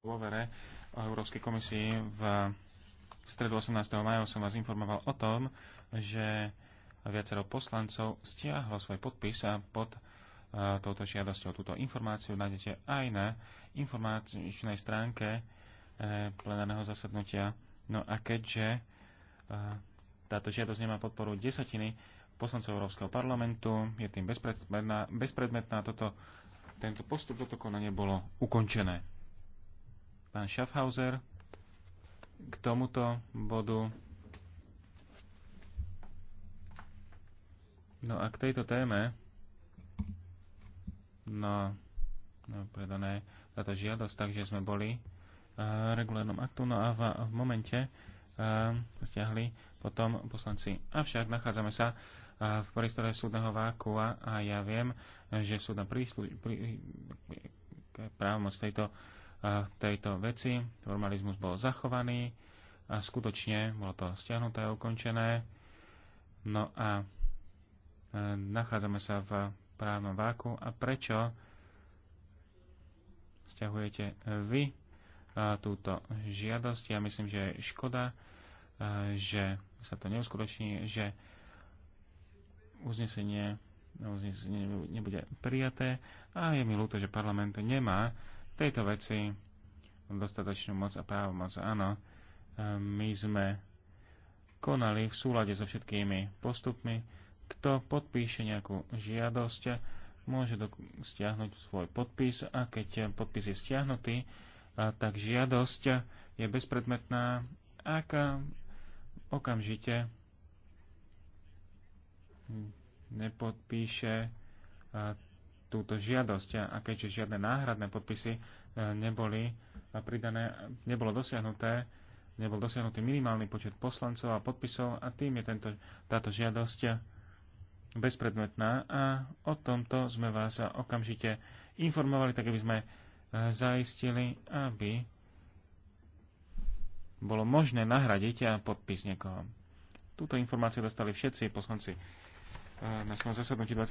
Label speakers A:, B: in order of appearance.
A: dôvere o Európskej komisii v, stredu 18. maja som vás informoval o tom, že viacero poslancov stiahlo svoj podpis a pod e, touto žiadosťou. Túto informáciu nájdete aj na informačnej stránke e, plenárneho zasadnutia. No a keďže e, táto žiadosť nemá podporu desatiny poslancov Európskeho parlamentu, je tým bezpredmetná, bezpredmetná toto, tento postup, toto konanie bolo ukončené pán Schaffhauser k tomuto bodu. No a k tejto téme, no, no predané táto žiadosť, takže sme boli uh, regulárnom aktu, no a v, v momente uh, stiahli potom poslanci. Avšak nachádzame sa uh, v prístore súdneho váku a ja viem, že súdna príslu, prí, právomoc tejto uh, tejto veci. Formalizmus bol zachovaný a skutočne bolo to stiahnuté a ukončené. No a e, nachádzame sa v právnom váku a prečo stiahujete vy e, túto žiadosť. Ja myslím, že je škoda, e, že sa to neuskutoční, že uznesenie, uznesenie nebude prijaté a je mi ľúto, že parlament nemá tejto veci dostatočnú moc a právo moc Áno, my sme konali v súlade so všetkými postupmi. Kto podpíše nejakú žiadosť, môže stiahnuť svoj podpis a keď podpis je stiahnutý, tak žiadosť je bezpredmetná, ak okamžite nepodpíše túto žiadosť. A keďže žiadne náhradné podpisy eh, neboli eh, pridané, nebolo dosiahnuté, nebol dosiahnutý minimálny počet poslancov a podpisov a tým je tento, táto žiadosť bezpredmetná a o tomto sme vás okamžite informovali, tak aby sme eh, zaistili, aby bolo možné nahradiť a podpis niekoho. Túto informáciu dostali všetci poslanci na svojom zasadnutí 20.